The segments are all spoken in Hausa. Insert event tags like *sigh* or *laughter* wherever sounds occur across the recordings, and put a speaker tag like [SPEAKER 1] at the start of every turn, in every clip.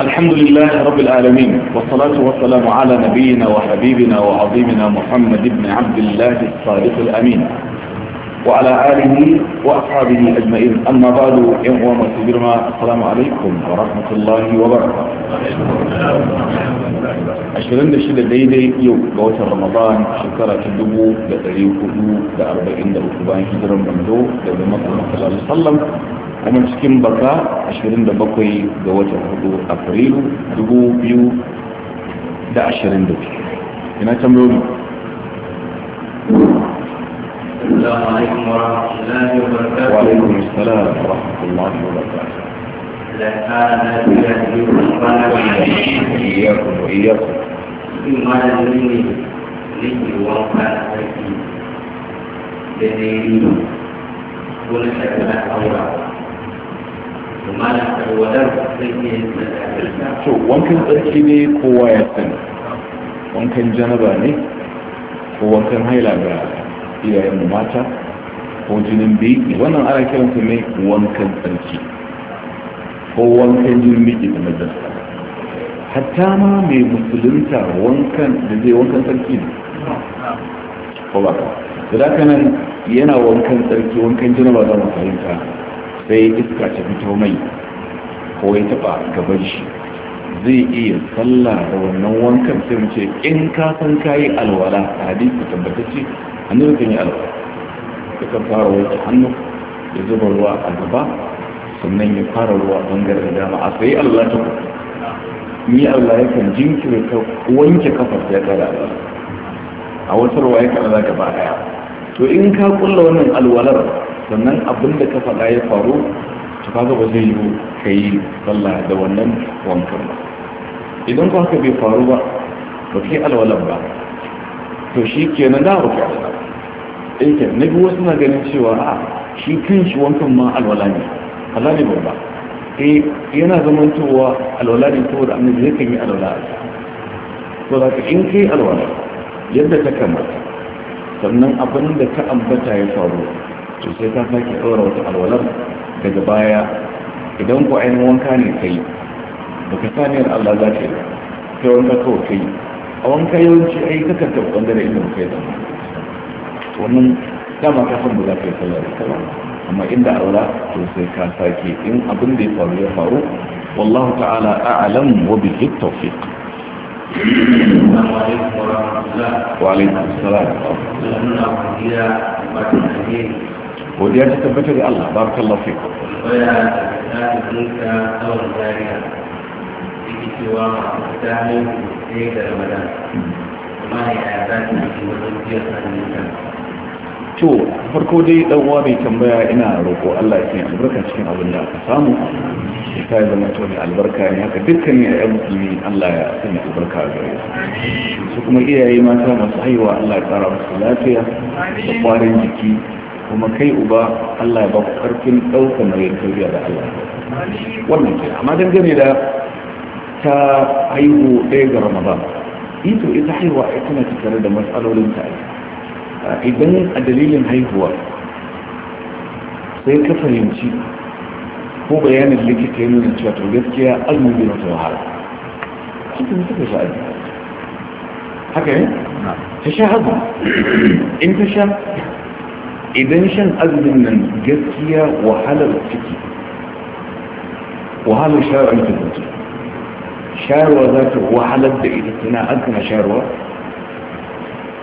[SPEAKER 1] الحمد لله رب العالمين والصلاة والسلام على نبينا وحبيبنا وعظيمنا محمد بن عبد الله الصادق الأمين وعلى آله وأصحابه أجمعين أما بعد إن هو مسجرما السلام عليكم ورحمة الله وبركاته عشرين دشد ديدي يوم قوة رمضان شكرا تدبو لأريو كدو لأربعين دا أكبان هجرا رمضو لأربعين صلى الله عليه وسلم ومن سكين بكا عشرين دا بقوي قوة هدو أفريل دبو بيو دا عشرين دبي هنا تمرون
[SPEAKER 2] السلام عليكم
[SPEAKER 1] ورحمة الله وبركاته وعليكم السلام ورحمة الله وبركاته
[SPEAKER 2] لكان يهدي
[SPEAKER 1] إياكم وإياكم
[SPEAKER 2] بما يدريني لكي وقع أكيد لديني كل شكلة أوراق to wankan
[SPEAKER 1] tsarki ne kowa ya sani wankan janaba ne ko wankan haila ga iyayen mata ko jinin bi wannan ana kiransa mai wankan tsarki ko wankan jinin biki da majalisa hatta ma mai musulunta wankan da zai wankan tsarki ne ko ba ka da daga nan yana wankan tsarki wankan jinin ba za mu fahimta sai iska ta fito mai ko ya taba gaban shi zai iya sallah da wannan wankan sai mu ce in ka san kayi alwala hadisi tabbatacce hannun kan yi alfa ya kan fara wanke hannu ya zuba ruwa a gaba sannan ya fara ruwa bangaren dama a sayi allah ta ni allah ya kan ka wanke kafar ya kada alwala a wata ruwa ya kan zaka ba daya to in ka kulla wannan alwalar sannan abin da ka faɗa ya faru to kaga ba zai yiwu ka yi sallah da wannan wankan ba idan ka haka bai faru ba ba kai alwalar ba to shi kenan da rufe a aikin na biyu wasu na ganin cewa a shi kan shi wankan ma alwala ne alwala ne ba e eh, yana zaman cewa alwala ne saboda annabi yakan yi alwala to da in kai alwala yadda ta kamata sannan abin da ka ambata ya faru to sai ka sake ɗora wata alwalar daga baya idan ku ainihin wanka ne kai baka saniyar Allah za ta yi sai wanka kawai kai a wanka yawanci ai kakar ta wanda inda ilimin kai zama wannan dama ka san ba za ka yi sallah da amma inda aura to sai ka sake in abin da ya faru ya faru wallahu ta'ala a'lam wa bi tawfiq
[SPEAKER 2] wa alaikum salam
[SPEAKER 1] godiya ta tabbatar da Allah barakallahu fiku
[SPEAKER 2] cewa masu da ramadan amma ne a yaza ta cikin wajen biyar
[SPEAKER 1] to farko dai dan uwa mai tambaya ina roƙo Allah ya sanya albarka cikin abin da aka samu ya yi zama to ne albarka ne haka dukkanin ne ayyan musulmi Allah ya sanya albarka a gare su kuma iyaye mata masu haihuwa Allah ya tsara musu lafiya da kwarin jiki kuma kai uba Allah ya ba ku ƙarfin ɗaukar mai tarbiyya da Allah wannan ke amma dangane da ta haihu ɗaya ga Ramadan ito ita haihuwa ita na tattare da matsalolin ta idan a dalilin haihuwa sai ka fahimci ko bayanin likita ya nuna cewa to gaskiya azumi bai mata wahala cikin suka sha azumi haka ne ta sha azumi in ta sha idan shan azumin nan gaskiya wahalar ciki wahalar shawar ta zuci shayarwa za ta wahalar da ita tana azumi shayarwa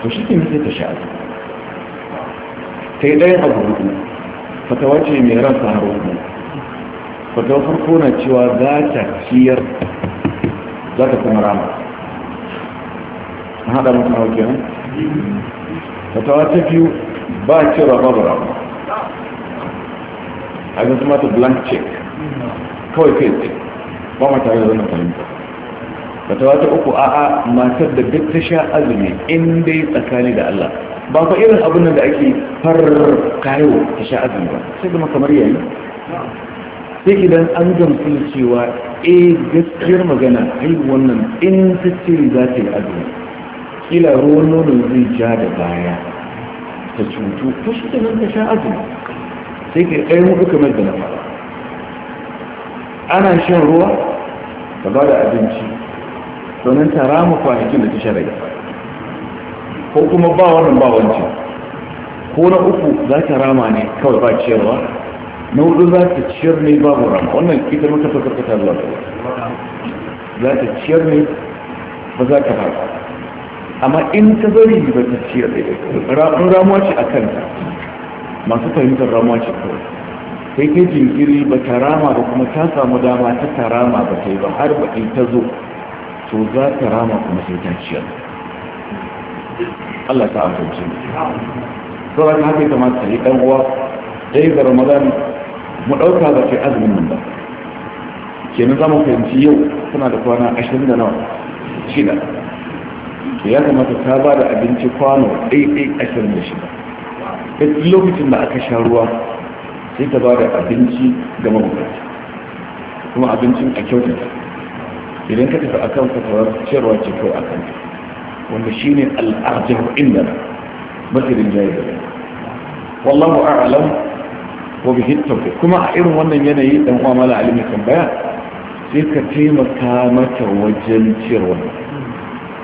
[SPEAKER 1] to shi ke sai ta sha azumi sai ɗayan abu hudu fatawa ce mai ran har hudu fatawa farko na cewa za ta ciyar za ta kuma rama an haɗa mutum hau kenan fatawa ta biyu ba cewa ba rama a zan ta blank check kawai kai tsaye ba ma tare da wannan fahimta fatawa ta uku a'a matar da duk ta sha azumi in dai tsakani da allah ba fa irin abin da ake farkayo ta sha azumi ba sai kuma kamar yayi sai idan an gamsu cewa eh gaskiyar magana ai wannan in ta ce za ta yi azumi kila ruwan nono zai ja da baya ta cutu to shi nan ta sha azumi sai ka kai mu kamar da na fara ana shan ruwa ka ba da abinci domin ta rama kwanakin da ta sharaya. ko kuma ba wannan ba wancan ko na uku za ta rama ne kawai ba ciyarwa na hudu za ta ciyar ne babu rama wannan ita muka ta zuwa Allah za ta ciyar ne ba za ta fara amma in ta bari ba ta ciyar ne ramuwa ce a kanta masu fahimtar ramuwa ce kawai sai ke jinkiri ba ta rama ba kuma ta samu dama ta ta rama ba ta yi ba har ba ta zo to za ta rama kuma sai ta ciyar Allah ta amince sauran haka ya kamata yi ɗan uwa dai da ramadan mu ɗauka ba ce azumin nan ba kenan za mu fahimci yau tana da kwana ashirin da shida ya kamata ta ba da abinci kwano ɗaiɗai ashirin da shida da lokacin da aka sha ruwa sai ta ba da abinci ga mabukaci kuma abincin a kyautata, idan ka tafi akan fatawar ciyarwa ce kawai akan ta wanda shi ne al'arjahu inda mafirin jayi da wallahu a'alam wa bihi tawfiq kuma a irin wannan yanayi dan uwa mala alimi kan baya sai ka taimaka mata wajen ciyarwa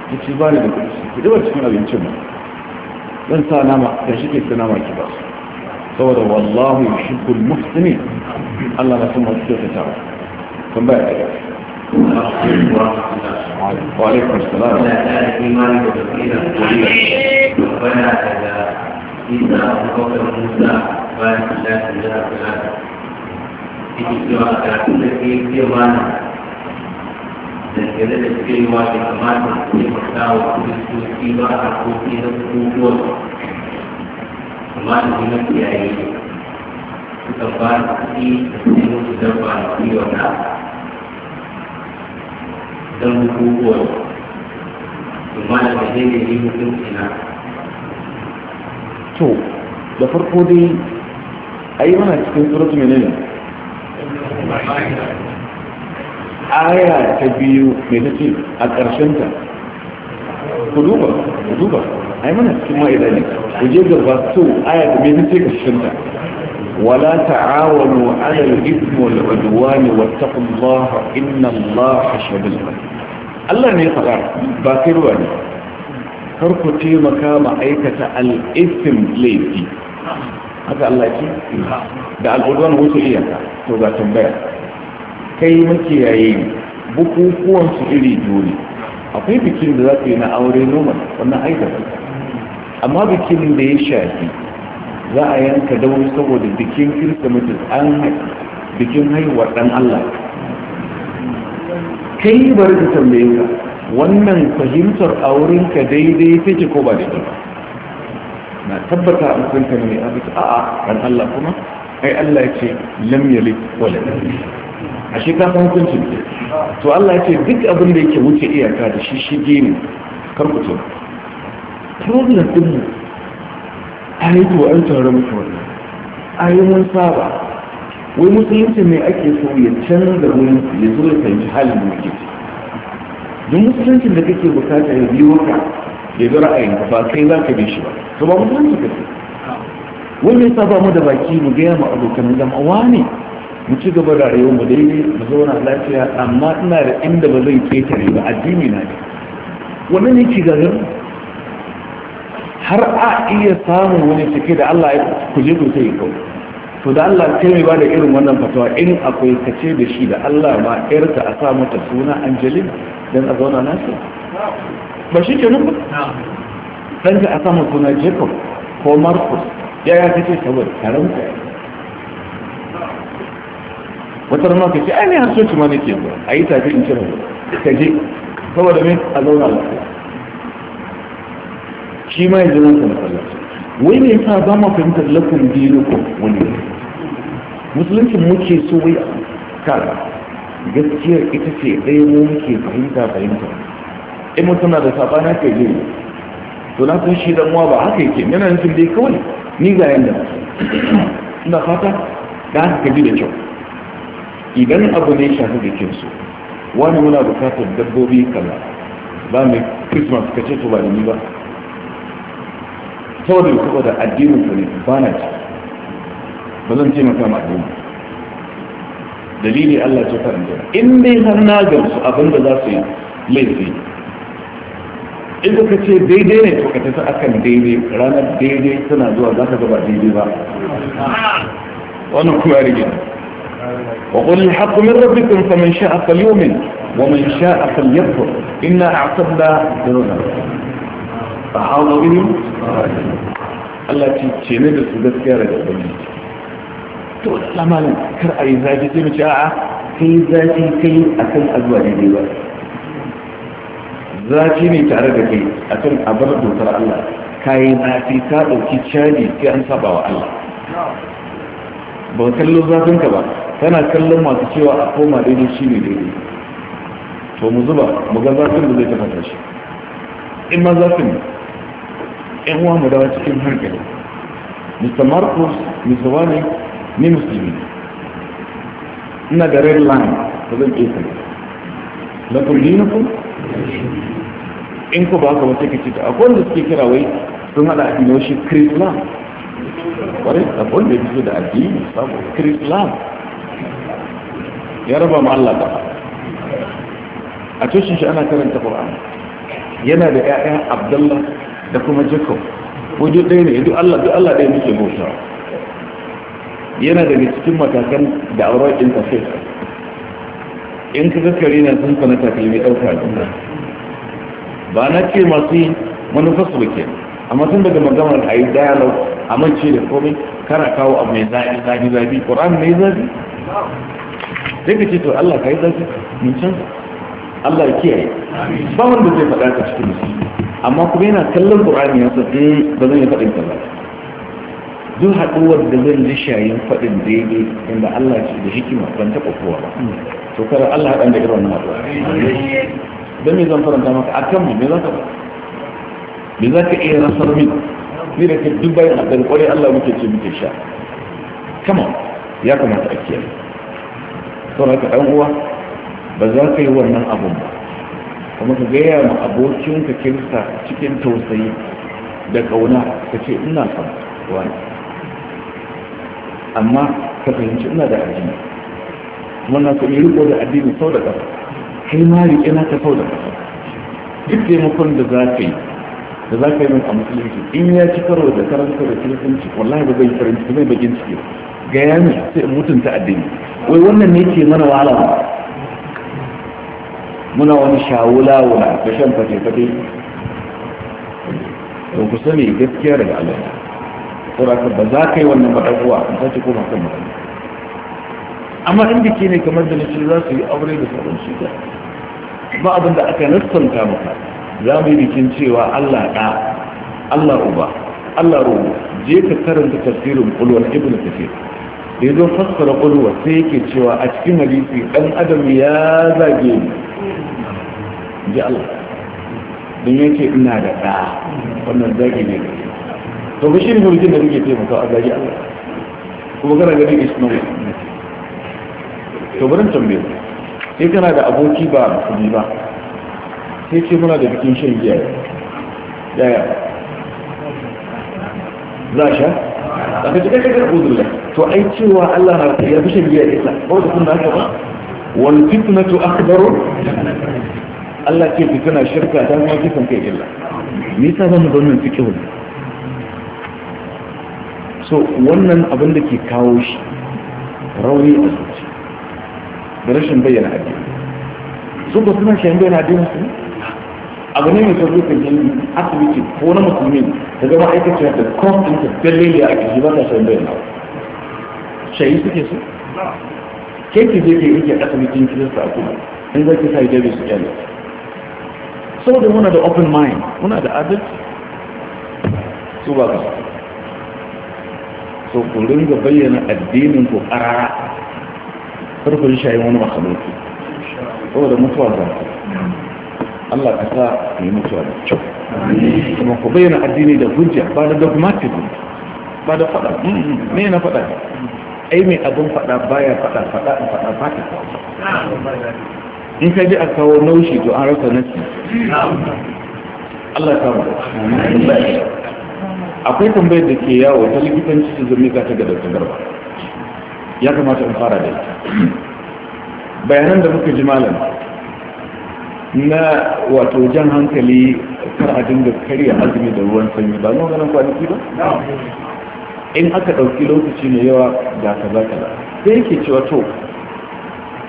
[SPEAKER 1] ta ce ba ni da kuɗi ku ba. cikin abincin mu zan sa nama da shi ke sa nama ki ba saboda wallahu yuhibbul muhsinin Allah na san masu kyautatawa kan baya ta gaske وعليكم السلام ربنا
[SPEAKER 2] إنا أبو بكر موسى بارك الله في ذلك ikiwa katika kile maana dangane da cikin yawa da kamata su yi mata wa kiristoci ba a koki na kukuwar kamata su na kiyaye suka ba su kuɗi da su yi musu dabba na kiwon na don bukukuwan kuma da ba zai yi hukunci ina?
[SPEAKER 1] to da farko dai yi mana cikin suratu menene aya ta biyu mai ta ce a ƙarshen ta ku duba ku duba ai mana cikin ma'ida ne ku je gaba to aya ta mai ta ce ƙarshen ta ولا تعاونوا على الإثم والعدوان واتقوا الله إن الله شديد الله ne faɗa ba kirwa ne kar ku taimaka ma'aikata aikata laifi haka Allah ce da al-udwan wuce iyaka to ga tambaya kai makiyaye bukukuwan su iri juri akwai bikin da za yi na aure noma wannan aikata amma bikin da ya shafi za a yanka da wani saboda bikin kirsimetis an bikin haihuwar dan allah kai bari ka tambaye ka wannan fahimtar aurenka daidai take ko ba daidai na tabbata an san ka ne a a'a dan allah kuma ai allah ya ce lam yalid walad a shi ka san hukuncin ne to Allah ya ce duk abin da yake wuce iyaka da shi shi ne kar ku ce problem din ai to an tsara musu wannan ai mun saba wai musulunci mai ake so ya canza wurin ya zo ya fahimci halin da muke don musulunci da kake bukata ya biyo ka ya zo ra'ayin ka ba kai za ka bi shi ba to ba musulunci ka wai mai saba mu da baki mu gaya mu abokan zama ne mu ci gaba da rayuwar mu daidai mu zauna lafiya amma ina da inda ba zai ketare ba addini na ne wannan ne ke gagar har a iya samun wani cike da Allah ya kuje ku sai ko to da Allah sai mai bada irin wannan fatawa in akwai kace da shi da Allah ma yarta a sa mata suna Angelina dan a zauna nasu ba shi ke nan dan ka a sa mata suna Jacob ko Marcus ya ya kace saboda karanta wata rana kace ai ne har so ki ma nake ba ayi tafi in kira ka je saboda me a zauna lafiya shi ma yanzu zama sa masallaci wai me yasa ba ma fahimtar lakum dinukum wani musulunci muke so wai kaga gaskiyar ita ce ɗaya mu muke fahimta fahimta in mutum na da sabana ke je to na san shi dan ba haka yake yana nufin dai kawai ni ga yanda ina fata da haka ka da kyau idan abu ne shafi jikin su wani muna bukatar dabbobi kala ba mai christmas ka ce to ba da ni ba saboda mai da addinin su ne bana na ba zan ce maka ma addini dalili Allah ce karanta in dai har na gamsu abin da za su yi laifi in ka ce daidai ne to ka tafi akan daidai ranar daidai tana zuwa za ka gaba daidai ba wannan kuma rige وقل الحق من ربكم فمن شاء فليؤمن ومن شاء فليكفر إنا أعتدنا ذنوبا fa hauna bihim Allah ce ce ne da su gaskiya daga ubangiji to da lamarin kar a yi zafi sai mu ci a'a kai zafi kai kan azuwa daidai ba zafi ne tare da kai akan abar dokar Allah kayi zafi ka ɗauki caji sai an saba wa Allah ba kallo ka ba tana kallon masu cewa a koma daidai shi ne daidai to mu zuba mu ga zafin da zai tafata shi in ma zafin yan uwa mu dawo cikin hankali mr marcus mr wani ni musulmi ina da red line da zan ƙesa lakon kun? in ku ba ka wata kace ta akwai wanda suke kira wai sun hada addini shi krislam wani abin da yake da ake yi sabo krislam ya raba mu Allah ba a tushen shi ana karanta Qur'an yana da ƴaƴa Abdullah da kuma jacob waje ɗaya ne duk allah duk allah ɗaya muke bauta yana daga cikin matakan da auren interface in ka zakari na sun fana takalmi ɗauka a ba na ce masu yi manufarsu ba ke amma sun daga maganar a yi dialog a mance da komai kana kawo abu mai zaɓi zaɓi zaɓi ƙoran mai zaɓi sai ka ce to allah ka yi zaɓi mun allah ya kiyaye ba wanda zai faɗa ka cikin musulmi amma kuma yana kallon ƙur'ani ya san eh, ba zan yi faɗin ta ba duk haɗuwar da zan ji shayin faɗin daidai inda Allah ce da hikima ban taɓa kowa ba to kada Allah haɗan da irin wannan haɗuwa dan me zan faranta maka a mu me za ka me za ka iya rasar min ni da ke duk bayan haɗar ƙwarai Allah muke ce muke sha kama ya kamata a kiyaye saboda ka ɗan uwa ba za ka yi wannan abun ba kuma ka gaya ma abokinka kirsa cikin tausayi da ƙauna ka ce ina son wani amma ka fahimci ina da addini kuma na kuɗi riko da addini sau da ƙasa kai ma riƙe na ka sau da ƙasa duk taimakon da za ka yi da za ka yi min a musulunci in ya ci karo da karanta da kiristanci wallahi ba zai karanta ciki zai bakin ciki ga ya sai in mutunta addini wai wannan ne ke mana wahala muna wani shawula wula ta shan fate-fate to ku sani gaskiya daga Allah saboda ba za ka yi wannan maɗaguwa in sace ko makan magana amma in biki ne kamar da nace za su yi aure da sauran shi ba abin da aka nassanta maka za mu yi bikin cewa Allah ɗa Allah uba Allah ruhu je ka karanta tafsirin kulwan Ibn kathir da ya zo fassara kuduwa sai yake cewa a cikin hadisi ɗan adam ya zage ni ji Allah don yake ina da ɗa wannan zage ne da to ba shi ne mulkin da kuke taimaka a zage Allah kuma kana ganin ismail to barin tambaye sai kana da aboki ba musulmi ba sai ce muna da bikin shan giya yaya za a sha a ka cika kakar uzurla to ai cewa Allah na ya fi shan biya isa ba wata kuma haka ba wal fitnatu akbaru Allah ce fitina shirka ta kuma kisan kai illa me yasa ba mu ga wannan fikihu so wannan abin da ke kawo shi rauni a zuci da rashin bayyana addini su ba suna shayin bayyana addini su ne abu ne mai sauƙi kan yanzu asibiti ko na musulmi da zama aikacin da kwan ɗin tattalin da ake shi ba ta shan bayan nawa shayi suke su ke ki je ke rike asibitin kirista a kuma in za ki sa hijabi su kyale saboda muna da open mind muna da adalci su ba ka so ku ringa bayyana addinin ku ƙarara farko shayi wani makaloki saboda mutuwa za Allah ka sa yi mutuwa da kyau kuma ku bayyana addini da hujja ba da dogmatism ba da faɗa me na faɗa ai mai abin faɗa baya faɗa faɗa in faɗa ba ta in ka ji a kawo naushi to an rasa nasi Allah ta akwai tambayar da ke yawo ta likitanci su zumi ta ga daga Garba ya kamata in fara da ita bayanan da muka ji malam na wato jan hankali kar a dinga karya azumi da ruwan sanyi ba nuna ganin kwanaki ba in aka ɗauki lokaci mai yawa ga za ka sai yake cewa to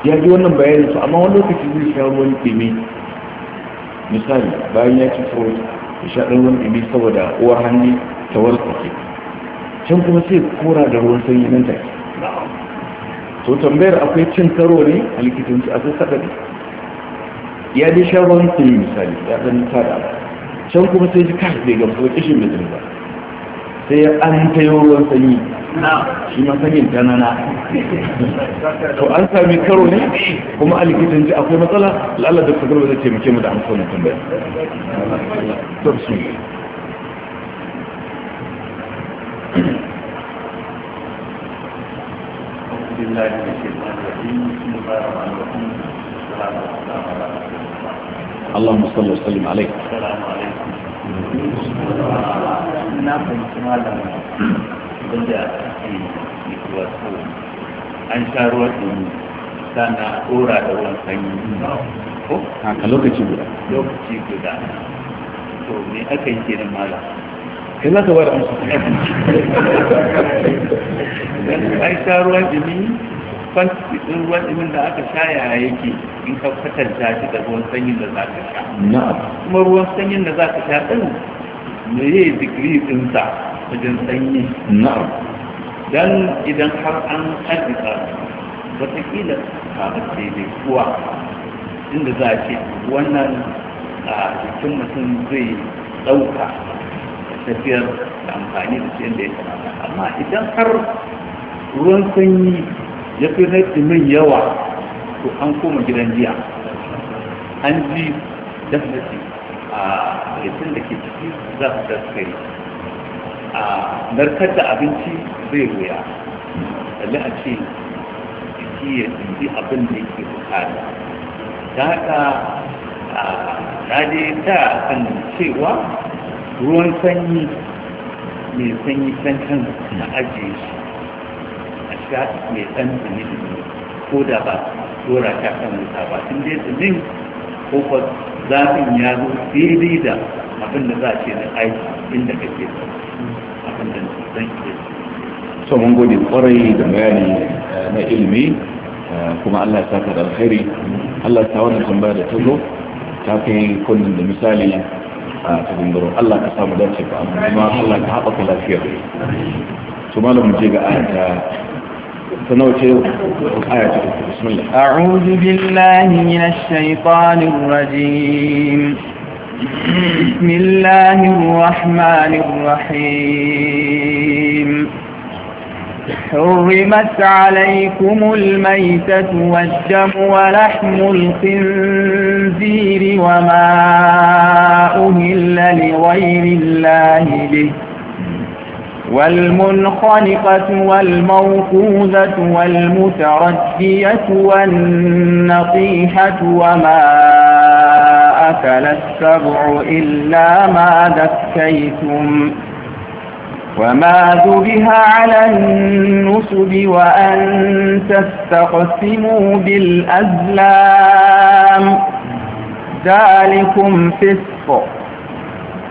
[SPEAKER 1] ya ji wannan bayanin su amma wani lokaci zai sha ruwan ɗimi misali bayan ya ci tsoro ya sha ɗan ruwan ɗimi saboda uwar hannu ta wartsake can kuma sai kora da ruwan sanyi nan take to tambayar akwai cin karo ne a likitanci akwai sadari ya dai sha ruwan tuni misali ya ɗan tada can kuma sai ka kai ga gamsu da kishin da ba sai ya an ta yi ruwan sanyi shi ma sanyin tanana to an sami karo ne kuma a likitan ji akwai matsala lalla da kudur ba zai taimake mu da amsa wannan tambaya to bismillah
[SPEAKER 2] بالله من
[SPEAKER 1] اللهم صل wa sallim alaihi
[SPEAKER 2] na fahimci malam an sha ruwa ɗin sana da ruwan
[SPEAKER 1] sanyi haka lokaci guda lokaci guda to aka yi kenan
[SPEAKER 2] kai za *laughs* ruwa ɗin kwanci ɗin ruwan ɗin da aka sha ya yake
[SPEAKER 1] in ka kwatanta shi da ruwan sanyin da za ka sha kuma ruwan sanyin da za ka sha ɗin me ya yi digiri ɗinsa wajen sanyi don idan har an haddisa watakila kafin da kuwa inda za a ce wannan a jikin mutum zai ɗauka tafiyar da amfani da shi da ya kamata amma idan har ruwan sanyi ya fi na min yawa to an koma gidan jiya an ji dafnati a rikin da ke ciki za su daskari a narkar da abinci zai wuya tsalli a ce jiki ya jiki abin da yake bukata
[SPEAKER 2] ta haka a ta kan cewa ruwan sanyi mai sanyi can na ajiye shi
[SPEAKER 1] sha mai ɗan ne ko da ba dora ta kan wuta ba tun dai tsinin ko kwa zafin ya zo daidai da abin da za a ce na aiki inda kake abin da zan ke so mun gode kwarai da bayani eh, na ilimi eh, kuma Allah ya saka da alkhairi Allah ya sa wannan tambaya da ta zo ta kai kullum da misali a cikin garo Allah ka samu dace ba amma Allah ka haɓaka lafiyar su malamin je ga ayata آية.
[SPEAKER 3] أعوذ بالله من الشيطان الرجيم بسم الله الرحمن الرحيم حرمت عليكم الميتة والدم ولحم الخنزير وما أهل لغير الله به والمنخنقة والموقوذة والمتردية والنطيحة وما أكل السبع إلا ما ذكيتم وما ذبها على النسب وأن تستقسموا بالأزلام ذلكم فسق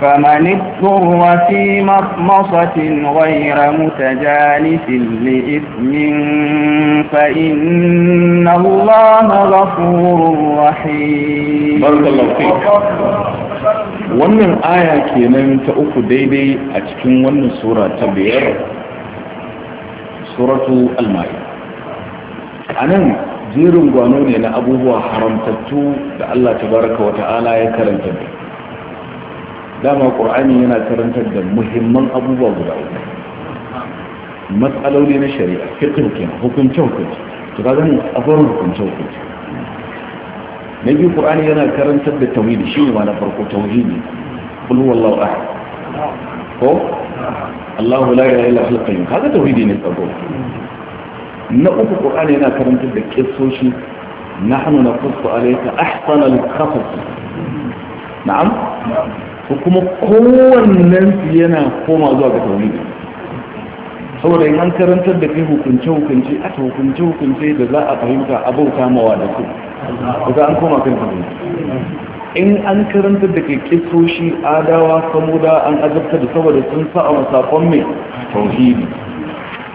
[SPEAKER 3] فمن اضطر في مخمصة غير متجانف لإثم فإن الله غفور رحيم بارك الله فيك
[SPEAKER 1] wannan aya kenan ta uku daidai a cikin wannan sura ta biyar suratu almari a nan jerin gwano ne na abubuwa haramtattu da allah ta baraka wa ta'ala ya karanta da dama ƙur'ani yana karantar da muhimman abubuwa guda uku matsaloli na shari'a fiqh kenan hukunce hukunce to ka zan abubuwan hukunce hukunce na biyu ƙur'ani yana karantar da tauhidi shine ma na farko tauhidi qul huwallahu ahad ko Allahu la ilaha illa huwa al-qayyum kaga ne tsaro na uku ƙur'ani yana karantar da na nahnu naqussu alayka ahsana al-qasas na'am ko kuma kowannen su yana koma zuwa ga tauri saboda in an karantar da kai hukunce hukunce a ta hukunce hukunce da za a fahimta abauta mawa da su daga an koma kan tauri in an karantar da kai kisoshi adawa samuda an azabta da saboda sun sa a masakon mai tauhidi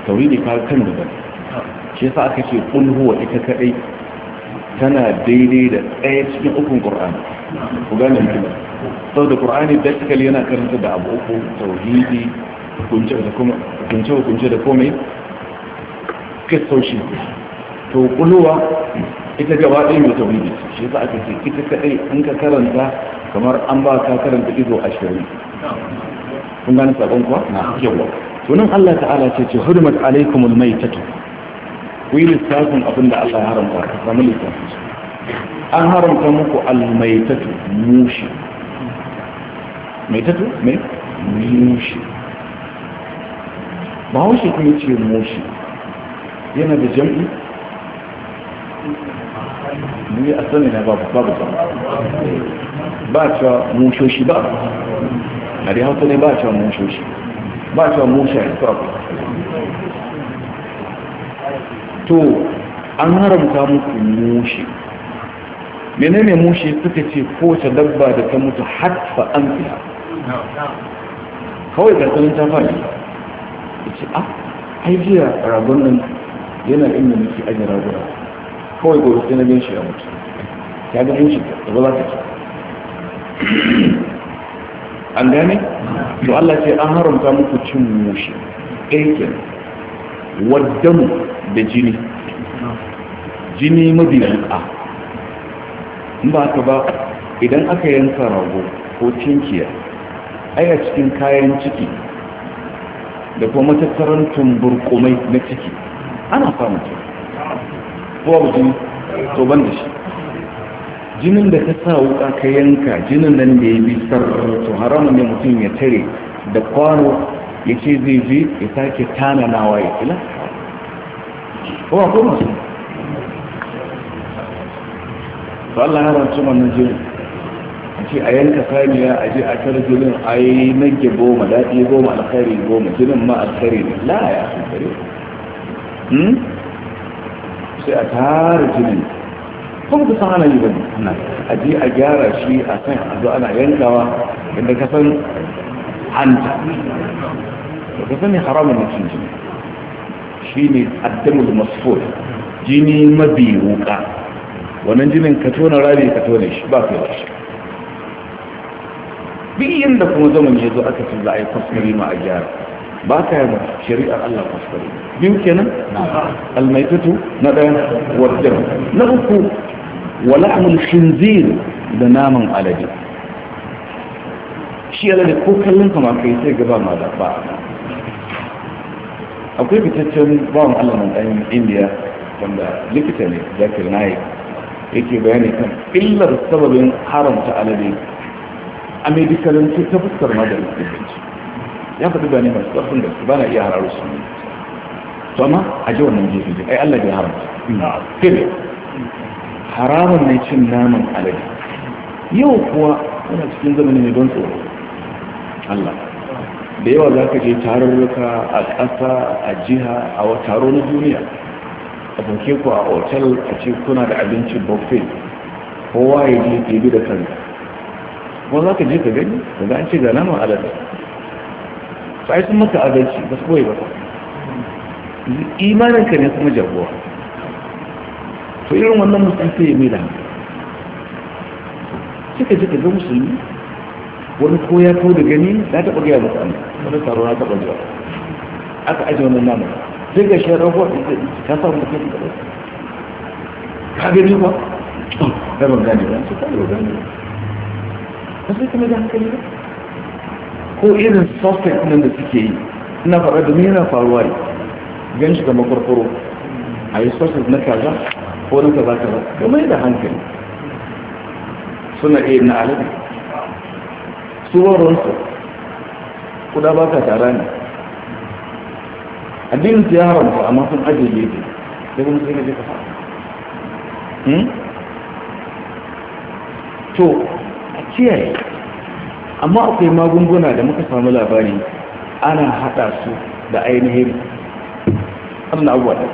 [SPEAKER 1] tauhidi ka kan da ba shi yasa aka ce huwa ita kadai tana daidai da ɗaya cikin ukun ƙur'ani ku gane mutum Sau ƙur'ani qur'ani practical yana karanta da abu uku tauhidi hukunce da kuma hukunce hukunce da komai kisoshi to kuluwa ita gaba ɗaya mai tauhidi shi a ka ce ita kadai an ka karanta kamar an ba ka karanta izo ashirin kun gani sabon kuwa na yawa tunan Allah ta'ala ce ce hurmat alaikumul maitatu ku yi lissafin abin da Allah ya haramta ka samu lissafin an haramta muku almaitatu mushi mai tattu mai mushi ba haushe kuma ce mushi yana da jam'i ne a sani na babu babu ba cewa mushoshi ba a dai hausa ne ba cewa mushoshi ba cewa mushayi babu to an haramta muku mushi menene mushi suka ce kowace dabba da ta mutu hatta an fiya kawai karkarin ta fara ya ce a ah, haifiya ragon nan yana inda nufi ajiyar raguna kawai gobe sai na ganshi ya mutu ya ga shi da ba za ta ce an gane? to Allah ce an haramta muku cin mushi aikin, waddamu da jini jini mabi a in ba ka ba idan aka yanka rago ko cinkiya Aya cikin kayan ciki da kuma matattaran tumburkumai na ciki ana samun ciki kowa ba jini to ban da shi jinin da ta sa wuka ka yanka jinin nan da ya bi sarrafa haramun ne mutum ya tare da kwano ya ce zai je ya sake tananawa ya kila kowa kuma masu ba Allah ya rancu wannan jini a ce a yanka saniya a je a tara jinin a yi nage goma daɗi goma alkhairi goma jinin ma alkhairi ne la ya alkhairi hmm? sai a tara jinin kuma kusan ana yi bane a je a gyara shi a kan a zo ana yankawa inda ka san hanta da ka san haramun na cin jini shi ne addamul masfur jini mabi wuka wannan jinin ka tona rari ka tona shi ba ka yi shi biyan da kuma zaman ya zo aka ce za a yi kuskure ma a gyara ba ka yi shari'ar Allah kuskure biyu kenan almaitatu na ɗaya wajen na uku wala'amul shinzir da naman alade shi alade ko kallon kama kai sai gaba ma da ba akwai fitaccen bawan Allah na ɗan indiya wanda likita ne zakir naik yake bayani kan illar sababin haramta alade a medikalance ta fuskar maganin abinci ya faɗi ne masu ƙarfin da su ba na iya hararu su ne to amma a ji wannan jefi ji ai Allah bai haramta fil haramun ne cin naman alade yau kuwa yana cikin zamani ne don tsoro Allah da yawa za ka je tarurruka a ƙasa a jiha a taro na duniya a bunke ku a otal a ce kuna da abincin buffet kowa ya je bi da kanka. kuma za ka je ka gani daga an ce ga nama alada sai sun maka adalci ba su koyi ba imanin ka ne kuma jagowa to irin wannan musulmi sai ya mila da suka ji ka ga musulmi wani ko ya kawo da gani za ta gaya masu amma wani taro na taɓa zuwa aka aji wannan nama sai ga shi ya da ta samu da kai ka gani ba ɗan oh, ban gane ba su kan gani ba sai kuma da hankali ko irin suspect nan da suke yi ina faɗa domin yana faruwa ne gan shi ga makwarkwaro a yi suspect na kaza ko na kaza kaza yi da hankali suna iya na alaɗi tsoronsu kuda ba ka tara ne addinin su ya haramta amma sun ajiye gefe da kuma sai ka je ka faɗa hmm? to kiyaye amma akwai magunguna da muka samu labari ana haɗa su da ainihin allah abuwa da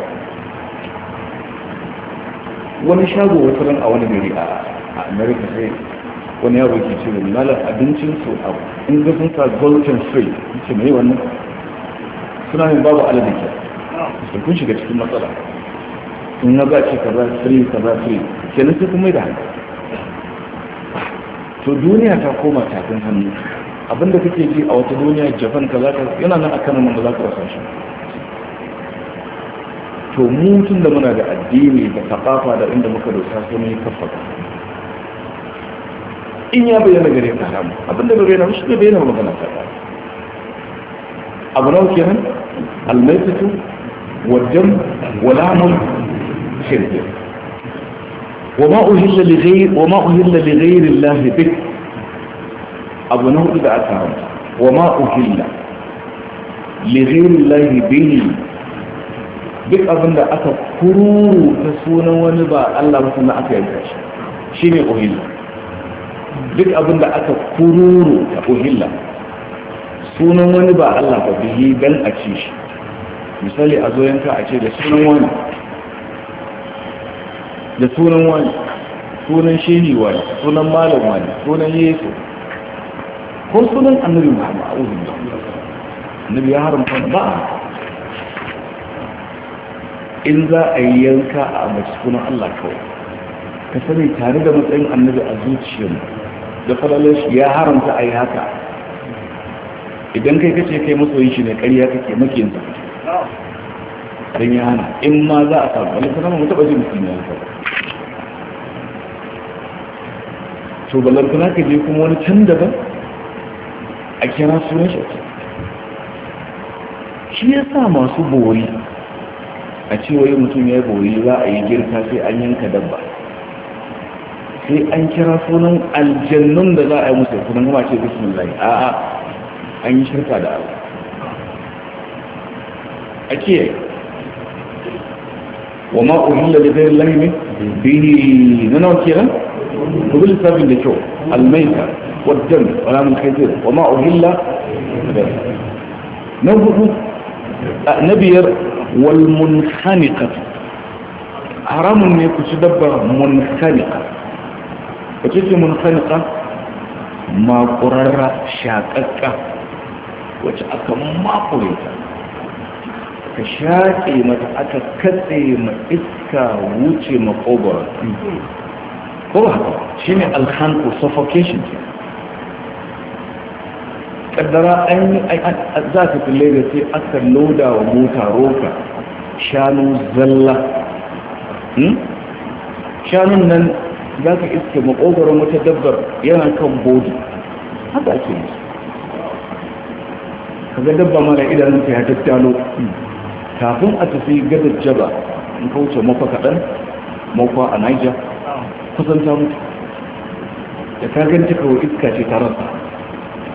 [SPEAKER 1] wani shago wata ran a wani gari a america sai wani yaro ke ce da malar abincin su a inda golden free ce mai wannan suna yin babu alabi ke da kun shiga cikin matsala in na ba ce kaza free kaza free ke sai kuma da hannu. to duniya ta koma tafin hannu abinda kake ji a wata duniya japan ka za ka yana nan a kanan da za ka rasa shi to mutum tun da muna da addini da kafafa da inda muka dosa sai mun kafa in ya bayyana gare ka samu abinda bai bayyana shi ne bayyana magana ta ba abu nawa kenan almaitatu wajen walamun shirkin وما أهل لغير وما أهل لغير الله به أبو إذا أتهم وما أهل لغير الله به بك أبن ذا أتى كرور ونبا الله رسول الله أتى يجرش شيني أهل بك أبن ذا أتى كرور أهل سونا ونبا الله فبهي بل أكشيش مثالي أزوين كأكشي لسونا ونبا da sunan wani sunan shehi wani sunan malam wani sunan yesu ko sunan annabi Muhammadu a wuzin da annabi ya haramta ba in za a yi yanka a mace sunan allah kawai ka sani tare da matsayin annabi a zuciyar da falalar shi ya haramta a yi haka idan kai kace kai masoyin shi ne ƙarya kake makiyinsa don ya hana in ma za a samu wani sanarwa mu taɓa jin musulmi ya to balarka na ka je kuma wani can daban a kira sunan shi shi ya sa masu bori a cewayi mutum ya bori za a yi girka sai an yanka dabba sai an kira sunan aljannun da za a yi musu sunan kuma ce a a'a an yi shirka da abu a ke wa ma'urin da zai laimi bihi na nawa nan? تبين سبين لكو الميتة والدم ولام الخيزير وما أهلا نبه نبير والمنخانقة حرام ميكو تدبع منخانقة وكيف منخانقة ما قرر شاككة wace aka makure ta ka shaƙe mata aka katse ma iska wuce makobar kowa ba shi ne alhanku suffocation kaddara za ka kulle da sai aka loda wa mota roka shanu zalla hmm? shanun nan za ka iske makogaron wata dabbar yana kan bodi haka ake yi kaga dabba mara idanunta ya tattalo kafin a tafi gadar jaba in kauce mafa kaɗan mafa a niger kusan ta mutu da ka ganta kawai iska ce ta rasa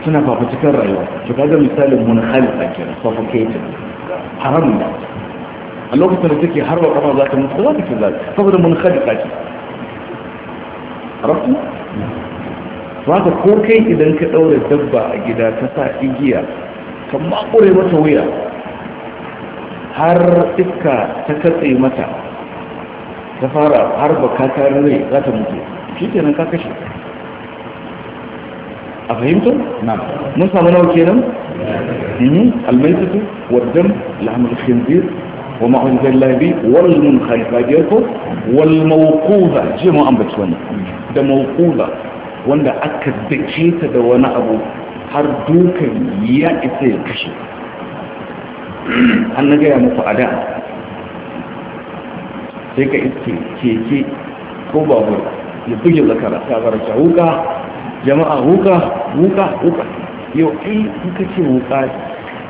[SPEAKER 1] suna fafutukar rayuwa to kaga misalin mun hali a kira fafukated haram da a lokacin da take harba kama za ta mutu za ta ke za saboda mun hali a ce rasu ba ka ko kai idan ka ɗaure dabba a gida ta sa igiya ka makure mata wuya har iska ta katse mata ta fara harba kakar rai za ta mutu shi nan ka kashe a fahimta? na mun samu nawa kenan? Mhm. almaitutu waddam lahamul khinzir wa ma'ul zallabi wal munkhalifa biyarko wal Jiya je an ambaci wani. da mawquza wanda aka dace ta da wani abu har dukan ya isa ya kashe an na gaya muku a sai ka iske keke ko babur ya buge zakara ta zarata wuka jama'a wuka wuka wuka yau ai kuka ce wuka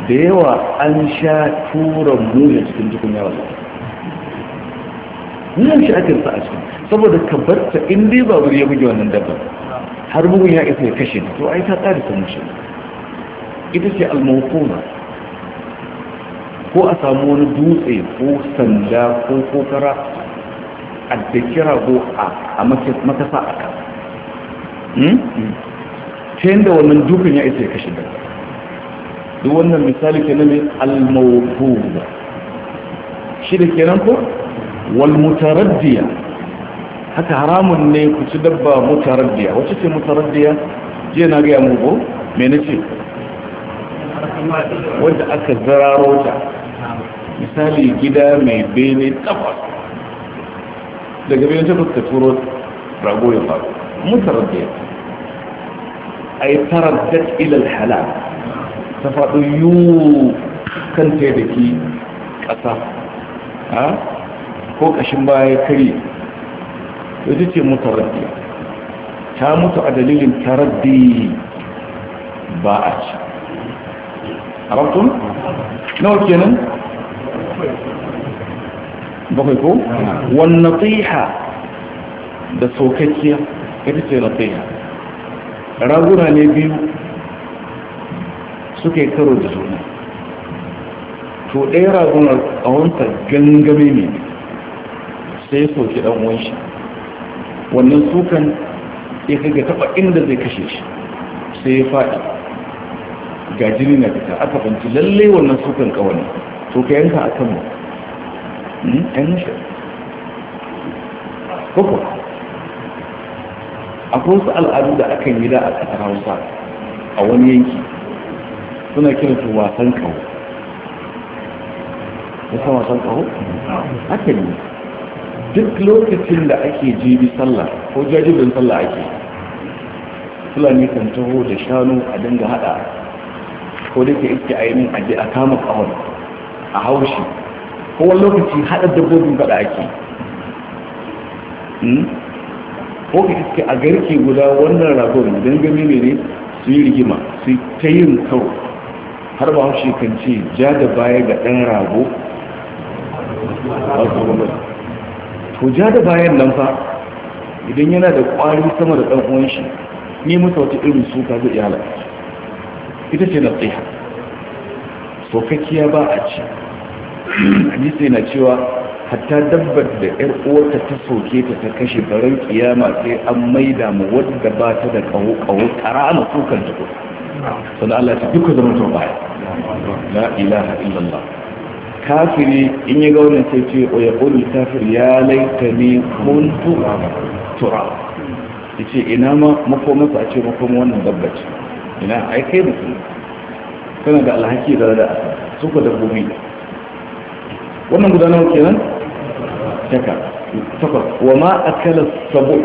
[SPEAKER 1] da yawa an sha tura mu ya cikin jikin yawa nan shi ake sa a cikin saboda ka barta in dai babur ya buge wannan dabbar har bugun ya isa ya kashe to ai ta tsari ta mushe ita ce almawquna ko a samu wani dutse ko sanda ko kokara a daki rago a matasa a kan hmm? ta yadda wannan dukan ya isa ya kashe da duk wannan misali ke nami almawuhuwa shi da kenan ko wal walmutaraddiya haka haramun ne ku ci dabba mutaraddiya wacce ce mutaraddiya jiya na gaya mugu mai na ce wadda aka zararo ta misali gida mai bene takwas daga bayan ta fuska turo rago ya faru mutaraddiya ay taraddat ila al-halal ta faɗo yu kan ta da ki ƙasa ha ko ƙashin baya kare ita ce mutaraddiya ta mutu a dalilin taraddi ba a ci a nawa kenan bakwai ko Wannan nasiha da saukakkiya ita ce nasiha raguna ne biyu suke karo da juna to ɗaya ragunar wanta gangame ne sai soke ɗan wanshi wannan sukan ya kaga taɓa inda zai kashe shi sai ya faɗi Gajiri na fita aka fanci lallai wannan sukan ƙawani to ka yanka a kanmu ɗan nisha koko akwai wasu al'adu da akan yi da a ƙasar hausa a wani yanki suna kiransu wasan kawo wasan wasan kawo haka ne duk lokacin da ake jibi sallah ko jajibin sallah ake fulani kan taho da shanu a dinga hada ko da ke iske ainihin a kama kawon a haushi kowane lokaci haɗar dabbobin faɗa ake hmm? ko ka iske a garke guda wannan ragon don gami ne ne su yi rigima su ta yin kawo har ba haushe kan ce ja da baya ga ɗan rago to ja da bayan nan fa idan yana da ƙwari sama da ɗan'uwan shi ne masa wata irin suka zai iya ita ce na tsaye sokakiya ba a ce hadisi na cewa hatta dabbar da ƴar uwarta ta soke ta ta kashe baran kiyama sai an maida mu wadda ba ta da kawo kawo karama kukan ta ko sannan Allah ta duka zama to baya la ilaha illallah kafiri in ya ga wannan sai ce o ya qulu kafir ya laitani kuntu tura yace ina ma masa a ce muko wannan dabba ce ina ai kai mutum kana da alhaki da da su da dabbobi wannan guda nawa kenan shaka takwas wa ma kala sabu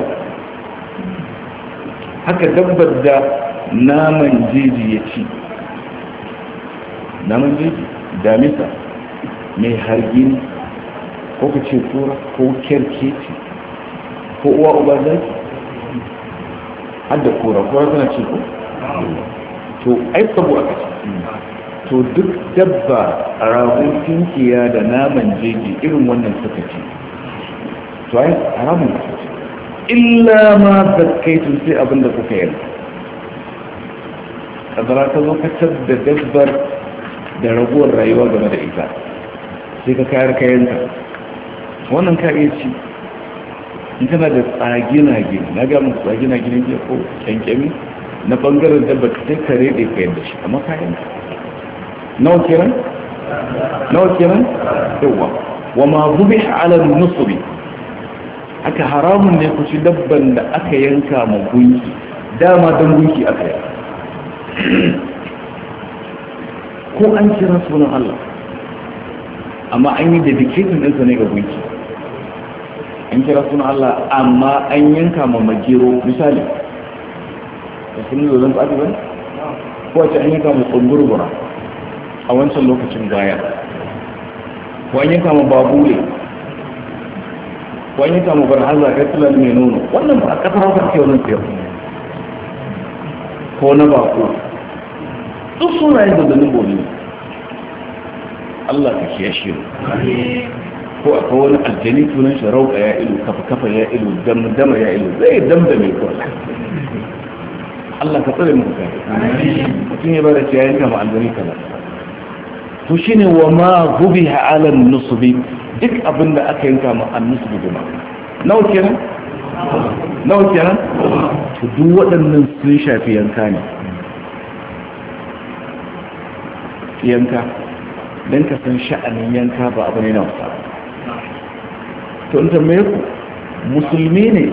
[SPEAKER 1] haka dabbar da naman jeji ya ci naman jeji damisa mai hargini ko ka ce tura ko kyarkeci ko uwa uba zai Hada kura kura tana ce ko to ai sabu aka ce to duk dabba a rago tunkiya da naman jeji irin wannan suka ce to ai haramu illa ma zakaitu sai abin da kuka yarda kadara ka zo kacar da dabbar da raguwar rayuwa game da ita sai ka kayar kayanta wannan ka iya ci in tana da tsagina-gini na mu tsagina-gini ke ko kyankyami na bangaren dabbar sai ka rede ka da shi amma kayanta nawa kenan nawa kenan yawa wa ma zubiha ala nusubi haka haramun ne ku ci dabban da aka yanka ma gunki dama don gunki aka yi ko an kira sunan Allah amma an yi dedication ɗinsa ne ga gunki an kira sunan Allah amma an yanka ma magero misali da sun yi zozon ba ko a ce an yanka ma tsungurgura a wancan lokacin baya wani ya kama babule wani ya kama barhaza kai tulan mai nono wannan ba a kasar hausar ke wurin sayar ko na bako duk sunayen da zanen boli Allah ka kiya shi ko a wani aljani tunan shi rauka ya ilu kafa kafa ya ilu damdama ya ilu zai mai kawai Allah ka tsare mu kai mutum ya bada ciyayen kama aljani kaza to shine wa ma gubiha ala nusubi duk abin da aka yanka ma an nusbi goma Nauke nan, nauke nan, to duk waɗannan sun shafi yanka ne yanka don ka san sha'anin yanka ba abu ne na wasa to in tambaye ku musulmi ne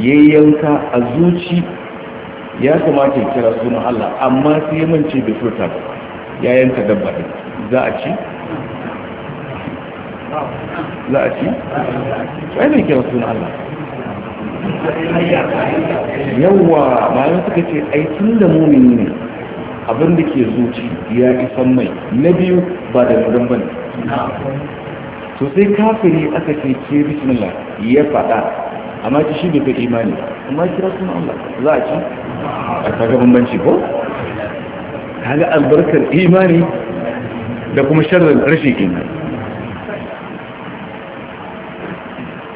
[SPEAKER 1] ya yanka a zuci ya kamata ya kira sunan Allah amma sai ya mance bai furta ba ya yanta dabba ɗin za a ci za a ci ai mai kira suna Allah
[SPEAKER 4] yawwa bayan suka
[SPEAKER 1] ce aikin da mumini ne abin da ke zuci ya isan mai na biyu ba da nuran bane to sai kafiri aka ce ke bismillah ya faɗa amma shi bai fi imani amma kira suna Allah za a ci a ta gaban banci ko هل البركة الإيماني لكم الشر الرشيك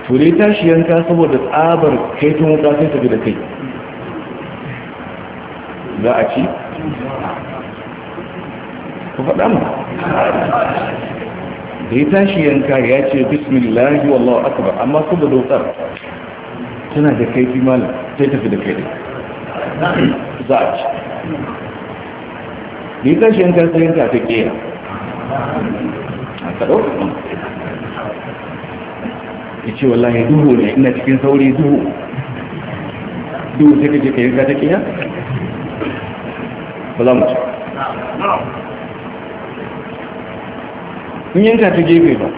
[SPEAKER 1] فليتاش ينكا صبر تتآبر كيف مقاسين تفيد كيف لا أشي ففدام فليتاش ينكا ياتي بسم الله والله أكبر أما صبر دوتر تنادي كيف مالا تفيد كيف لا أشي rigar shi yanka sai yanka ta kera a kaɗau ya ce wallahi duhu ne ina cikin sauri duhu duhu sai ka je ka yanka ta kera ba za mu ci in yanka ta gefe ba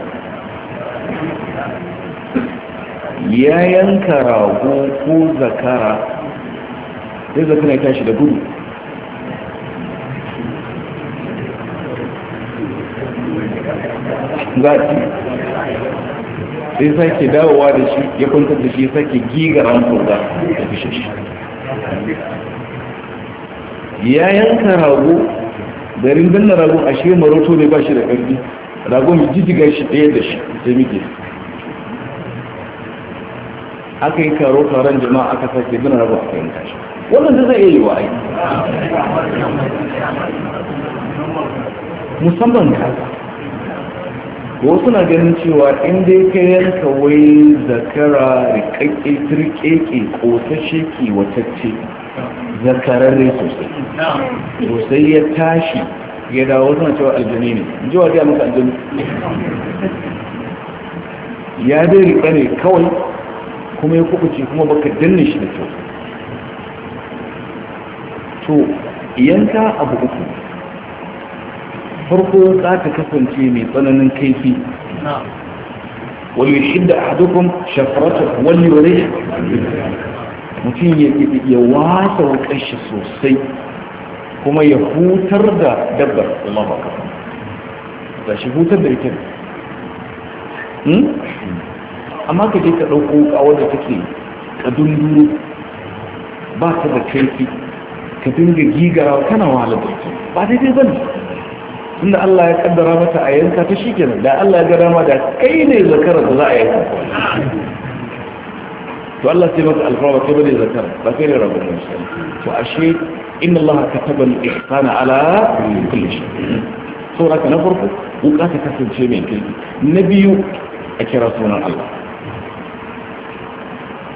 [SPEAKER 1] ya yanka rago ko zakara sai zakara ya tashi da gudu
[SPEAKER 2] za ki sai sake dawowa da shi
[SPEAKER 1] ya kwantar da shi sake gigaran kurda da fi shi ya yanka rago garin danna ragon a shi maroto ne ba shi da ƙarfi ragon mai jijiga shi ɗaya da shi ta mike aka yi karo taron jama'a aka sake bin rago aka yanka kashi wannan da zai yi wa aiki musamman da haka wasu na ganin cewa in dai ka yanka wai zakara rikakke turkeke kosashe ke watacce zakararre sosai sosai ya tashi ya dawo wasu na cewa aljani ne ji wa ga maka aljani ya dai rika ne kawai kuma ya kubuce kuma baka danne shi da kyau to yanka abu uku farko za ta kasance mai tsananin kaifi wani shidda a hadukun shafarata wani wani mutum ya wasa wukashi sosai kuma ya hutar da dabbar kuma ba za shi hutar da rikin amma ka je ka ɗauko kawo da take ƙadun duro ba ta da kaifi ka dinga gigara kana wahalar da ba daidai ba ne tunda Allah ya kaddara mata a yanka ta shi kenan da Allah ya ga dama da kai ne zakarar da za a yanka to Allah sai maka alfarma kai bane zakar ba kai ne rabon shi to ashe inna Allah kataba al-ihsana ala kulli shay sura ka na farko wuka ta kasance mai kirki na biyu a kira sunan Allah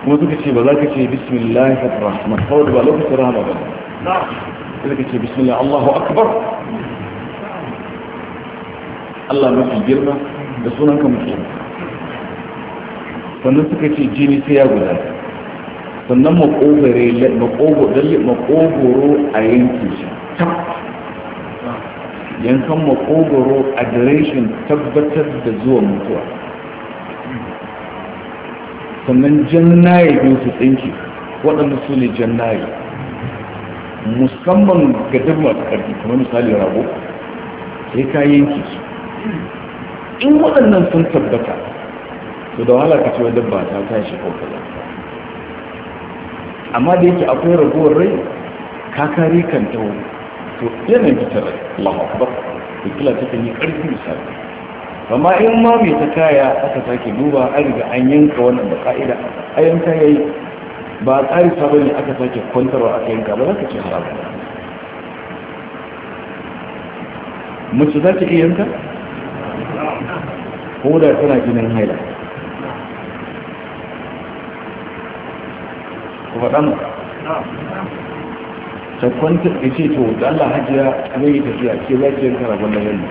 [SPEAKER 1] kuma suka ce ba za ka ce bismillahir rahman kawai ba lokacin rahama ba sai ka ce bismillah Allahu akbar Allah mafi girma da sunan ka mutum sannan suka ce jini sai ya guda sannan makogoro a yankin shi yankan makogoro a direshin tabbatar da zuwa mutuwa sannan jan jannaye biyu su tsinki waɗanda su ne jannaye musamman ga dabba a ƙarfi kamar misali rago sai ka yanki su in waɗannan sun tabbata to da wahala ka ce wa dabba ta tashi ko kaza amma da yake akwai raguwar rai ka kare kan tawo to yana fitar rai Allah akbar kila ta kan yi ƙarfi misali amma in ma mai ta kaya aka sake duba an riga an yanka wannan da ka'ida a yanka yayi ba tsari ta bane aka sake kwantarwa aka yanka ba za ka ce haram mace za ta iya yanka ko da tana jinin haila ku faɗa mu ta kwanta da ce to da Allah hajiya zai yi tafiya ke za ki yanka rabon da yanzu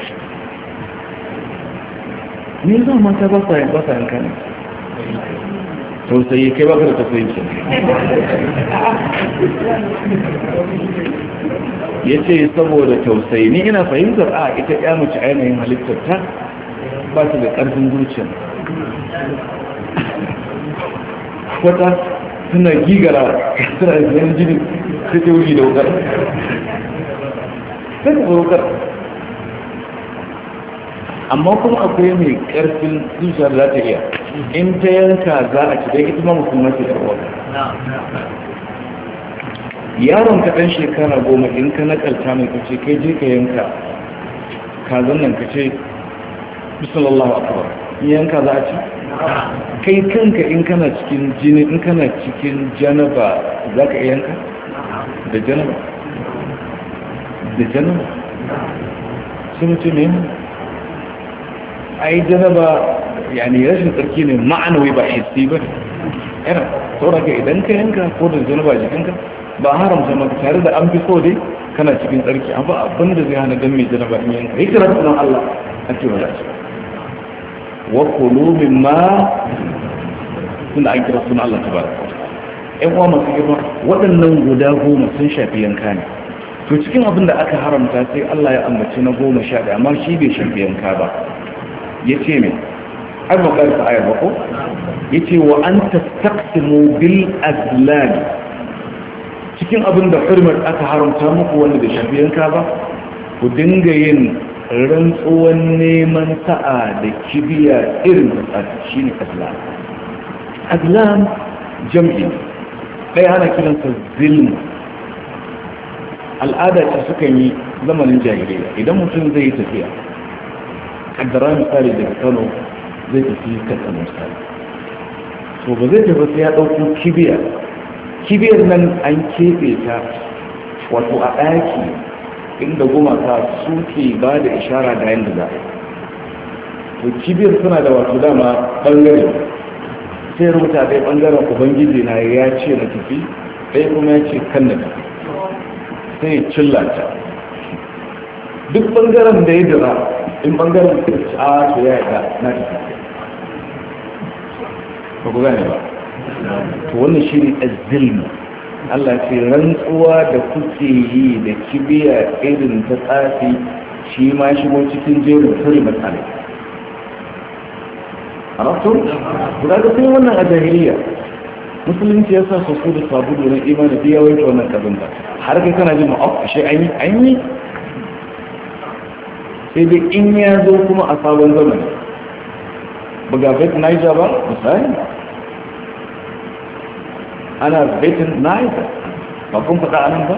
[SPEAKER 1] ne za mata ba sa yanka ne tausayi kai ba ka da tausayin ki ya ce saboda tausayi ni ina fahimtar a ita ya mace ainihin halittar ta ba ta da ƙarfin zuciya Kwata suna gigara suna ziyar jini ta ce wuri da wukar ta wukar amma kuma akwai mai ƙarfin zuciya da za ta iya in ta yanka za a ci dai ita ma musulma ke da wata yaron ka ɗan shekara goma in ka nakalta mai ka ce kai je ka yanka kazan nan ka ce bisalallahu akbar in yanka za a ci kai kanka in kana cikin jini in kana cikin janaba za ka yanka da janaba da janaba sun ce ne ai janaba yani rashin tsarki ne ma'anawi ba hissi ba yana sauraka idan ka yanka ko da zuwa ba jikinka ba haramta maka tare da an fi so dai kana cikin tsarki amma abin da zai hana don mai ba in yanka yi kira sunan Allah a ce ba za shi wa kulu mimma tun an kira sunan Allah tabaraka wa ta'ala uwa masu girma waɗannan guda goma sun shafi yanka ne to cikin abin da aka haramta sai Allah ya ambaci na goma sha da amma shi bai shafi yanka ba ya ce mai har mu ayar ba ko ce wa an tastaqsimu bil azlami cikin abin da firmar aka haramta muku wanda da shafi yanka ba ku dinga yin rantsuwan neman sa'a da kibiya irin da shi ne azlam azlam jam'i ɗaya ana kiransa zilmu al'ada ce suka yi zamanin jahiliya idan mutum zai yi tafiya kaddara misali daga kano zai tafi katsa musa to ba zai tafi sai ya ɗauki kibiyar kibiyar nan an keɓe ta wato a ɗaki inda gumaka suke ba da ishara da da za to kibiyar suna da wato dama ɓangare sai rubuta ɗaya ɓangaren ubangiji na ya ce na tafi ɗaya kuma ya ce kan na tafi sai ta. duk ɓangaren da ya dira in ɓangaren a ya ah, yi na tafi ku gane ba to wannan shi ne azilmu Allah ce rantsuwa da kuke yi da kibiya irin ta tsafi shi ma shigo cikin jerin turi matsala a rafto? guda ga sai wannan a jahiliya musulunci ya sa soso da sabu domin imanin biya wai ta wannan kabin ba har kai kana jin ma'af oh, ashe an yi an yi sai dai in ya zo kuma a sabon zamani buga bet niger ba misali ana betin niger ba kun faɗa a nan ba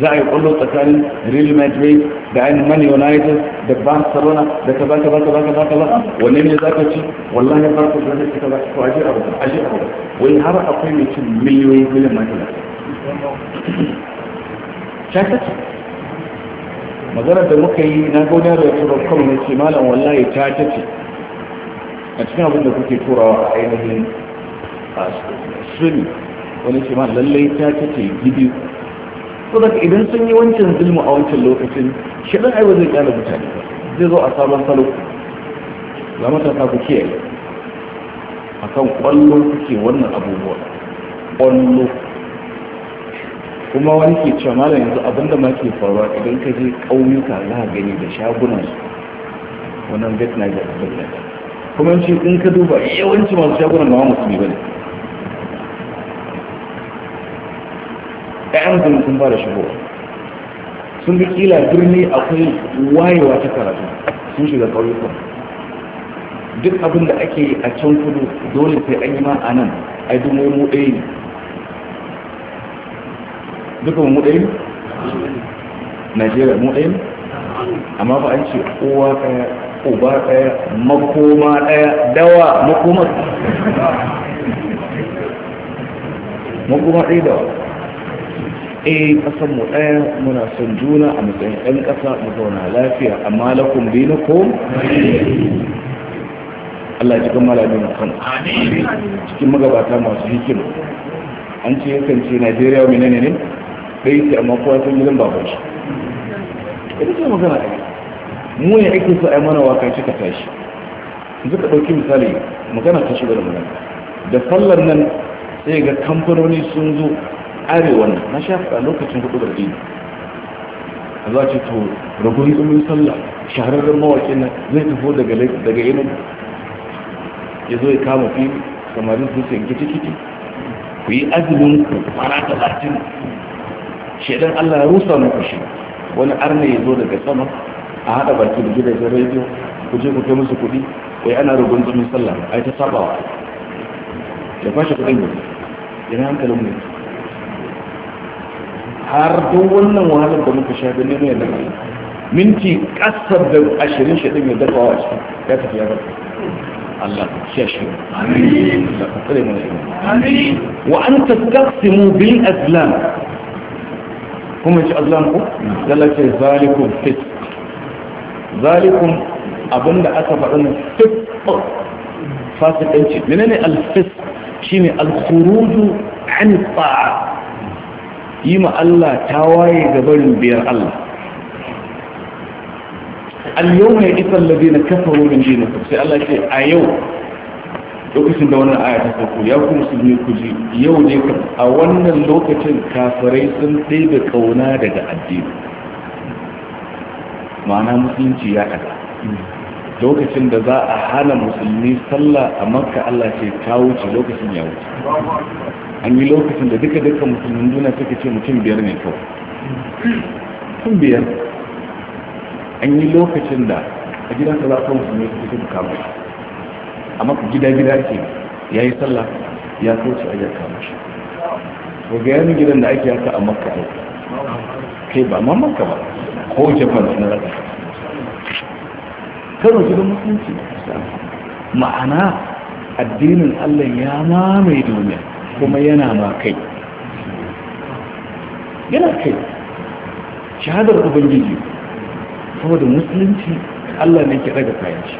[SPEAKER 1] za a yi ƙullo tsakanin real madrid da ainihin man united da barcelona da ka baka baka baka baka ba wanne ne za ka ci wallahi farko da zai cika ba ko aje abu aje abu wai har akwai mai cin miliyoyin miliyan makila shakaci maganar da muka yi na gaunar da ya tura kawai na ce malam wallahi ta ta ce a cikin abin da kuke turawa a ainihin suni wani ce ma lallai ta ce gidi ko da idan sun yi wancan zulmu a wancan lokacin shi dan aiwa zai kyale mutane zai zo a sabon salo za matasa ku kiyaye kan kwallo kuke wannan abubuwa kwallo kuma wani ke cewa malam yanzu abinda ma ke faruwa idan ka je ƙauyuka za gani da shagunan wannan vet na abin da kuma shi in ka duba yawanci masu shagunan ba musulmi ba ne ɗayan zama sun ba da shigo sun bi kila birni akwai wayewa ta karatu sun shiga ƙauyuka duk abin da ake yi a can kudu dole sai an yi ma a nan a duk wai mu ɗaya ne duka mu ɗaya ne najeriya mu ɗaya ne amma ba an ce kowa ɗaya uba ɗaya makoma ɗaya dawa makoma makoma ɗaya dawa eh mu ɗaya muna son juna a matsayin ɗan ƙasa mu zauna lafiya amma lakum binukum Allah ya cikin malamin kan cikin magabata masu hikima an ce yakan ce Najeriya menene ne ɗaya ce amma kowa sun gidan babu shi ita ce magana ɗaya mu ya ake sa'ai mana waka ci ka tashi yanzu ka ɗauki misali magana ta shiga da magana da sallar nan sai ga kamfanoni sun zo arewa nan na sha faɗa lokacin hudu da dini a za ce to ragun tsumin sallah shahararren mawaƙin nan zai tafi daga daga ya zo ya kama fi samarin sosai, sai kici ku yi azumin ku kwana talatin shaidan allah ya rusa muku shi wani arna ya zo daga sama a haɗa baki da gidajen rediyo ku je ku kai musu kuɗi wai ana rugun jini sallah a yi ta sabawa ya kwashe kuɗin yanzu yana hankalin mu har duk wannan wahalar da muka sha bane ne yadda minti ƙasar da ashirin shi ɗin ya dafawa a cikin ya tafi ya barka Allah ya shi amin Allah ka tsare mana amin wa an tastaqsimu bil azlam kuma ci azlam ku zalika zalikum fis zalikum abinda aka faɗa na fisq oh, fasikanci menene al-fisq shine al an ta'a yi ma Allah tawaye gabarin biyar Allah al-yawma yaqta alladhina kafaru min dinikum sai Allah ce a yau lokacin da wannan aya ta farko ya ku musulmi ku ji yau ne a wannan lokacin kafirai sun ɗaya da kauna daga addini ma'ana musulunci ya ɗaga lokacin da za a hana musulmi sallah a makka allah ce ta wuce lokacin ya wuce an yi lokacin da duka duka musulmin duna suka ce mutum biyar ne kawo. mutum biyar an yi lokacin da a gidan ka za ka musulmi suka ce kama shi a maka gida gida ke ya yi sallah ya su a yaka mashi ko ga yanin gidan da ake haka a makka kai ba ma makka ba ko japan sun raka karo da musulunci ma'ana addinin allah ya mamaye duniya kuma yana ma kai yana kai shahadar ubangiji kuma da musulunci allah ne ke daga kayan shi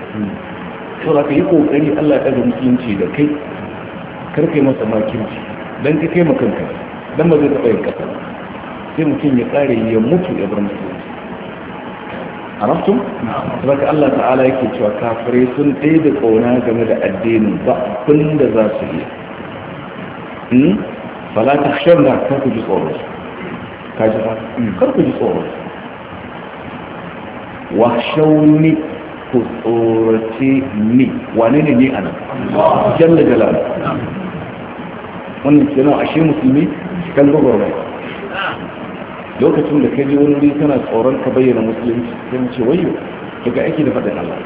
[SPEAKER 1] sau da ka yi kokari allah ya daga musulunci da kai karfe masa makinci don ka kai makanka don ba zai taɓa yin ƙasa sai mutum ya tsare ya mutu ya bar mutu arabtum zaka Allah ta'ala yake cewa kafirai sun ɗaya da ƙauna game da addinin ba kun da za su yi hmm? fala ta shar na karku ji tsoro ka ji ba hmm, karku ji tsoro wa shauni ku tsorace ni wane ne ni Jan da jalal wannan kenan ashe musulmi shi kan gwagwarmai lokacin da ka ji wani wuri kana tsoron ka bayyana musulunci sai mu ce wayo daga aiki da faɗin Allah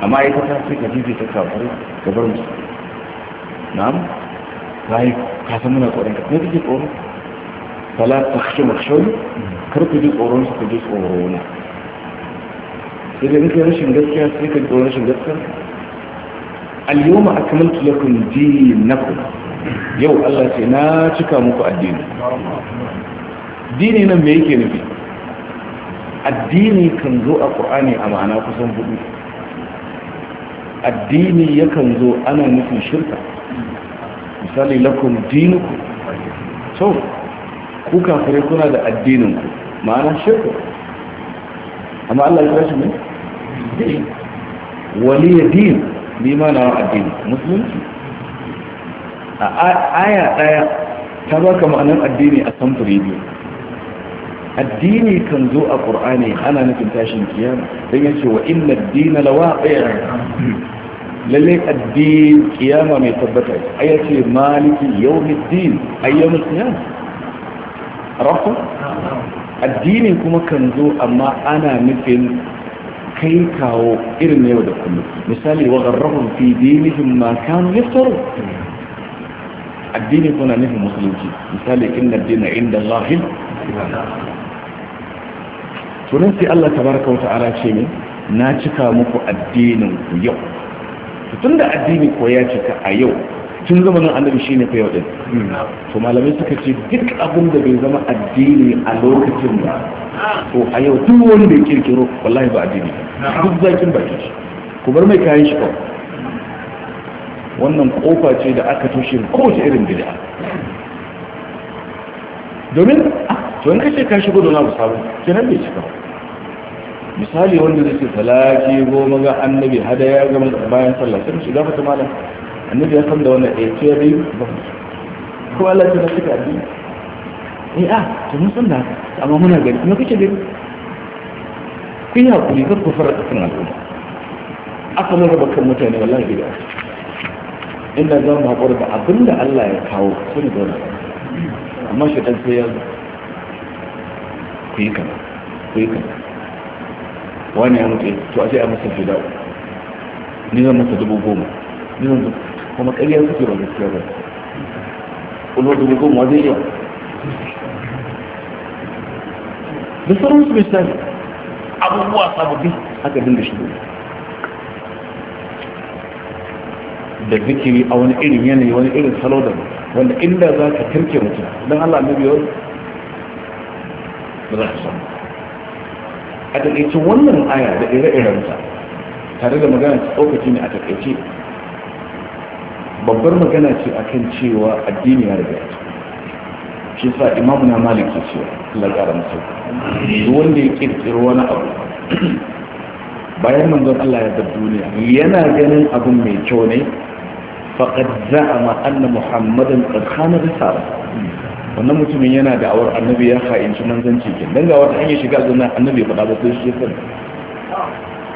[SPEAKER 1] amma ai ta sai ka jibi ta kafar ka bar musu na'am sai ka san muna tsoron ka sai ji tsoro fala mu makhshu kar ku ji tsoron su ku ji tsoro idan sai da nake rashin gaskiya sai ka ji tsoron rashin gaskiya al-yawma akmaltu lakum dinakum yau Allah ce na cika muku addini dini nan me yake nufi addini kan zo a ƙur'ani a ma'ana kusan hudu addini yakan zo ana nufin shirka misali lakum dinuku so ku kafirai kuna da addininku ma'ana shirka amma Allah ya kashi ne ya din bi ma na addini musulunci a aya daya ta baka ma'anar addini a samfuri biyu addini kan zo a ƙur'ani ana nufin tashin kiyama don ya ce wa inna dina lawa lalle addini kiyama mai tabbata a ya ce maliki yau din ayyamin kiyama rafa addini kuma kan zo amma ana nufin kai kawo irin yau da kullum misali wa garrahun fi dinihim ma kanu yaftaru addini kuna nufin musulunci misali inna dina inda to tunan sai Allah tabaraka wa ta'ala ce min na cika muku addinin ku yau tun da addini ko ya cika a yau tun nan annabi shine fa yau din to malamai suka ce duk abin da bai zama addini a lokacin ba to a yau duk wanda ya kirkiro wallahi ba addini duk zakin baki ku bar mai kayan shi ba. wannan kofa ce da aka toshe kowace irin bid'a domin to in kace ka shigo da nabu sabu kenan bai shiga ba misali wanda zai ce talaki goma ga annabi hadaya ga bayan sallah sai shiga fata malam annabi ya san da wannan eh ce bai ba ko Allah ya tsaka ka addini eh ah to mun san da amma muna gani kuma kace dai kun yi hakuri kar ku fara tsakin al'umma aka mun raba kan mutane wallahi da inda za mu haƙuri da abin da Allah ya kawo sun zauna amma shi ɗan sai ya zo ku yi kama ku yi kama wani ya mutu to a ce a masa fi da'u ni zan masa dubu goma ni zan zo kuma ƙariyar suke ba gaskiya ba ƙulo dubu goma zai yi da sauransu sani abubuwa sababbi aka dinga shigo da zikiri a wani irin yanayi wani irin salo da wanda inda za ka turke mutum don allah na biyo? za ka samu a taƙaicin wannan aya da ire-irensa tare da magana ta ɗaukaci ne a taƙaice babbar magana ce a kan cewa addini ya riga shi sa imamu na malik ya cewa allah ƙara wanda ya ƙirƙiro wani abu bayan manzon allah ya bar duniya yana ganin abin mai kyau ne faƙad za'ama anna muhammadin tsakanin risala wannan mutumin yana da awar annabi ya ha'inci manzanci ke don ga wata hanyar shiga zana annabi faɗa ba sai shi kan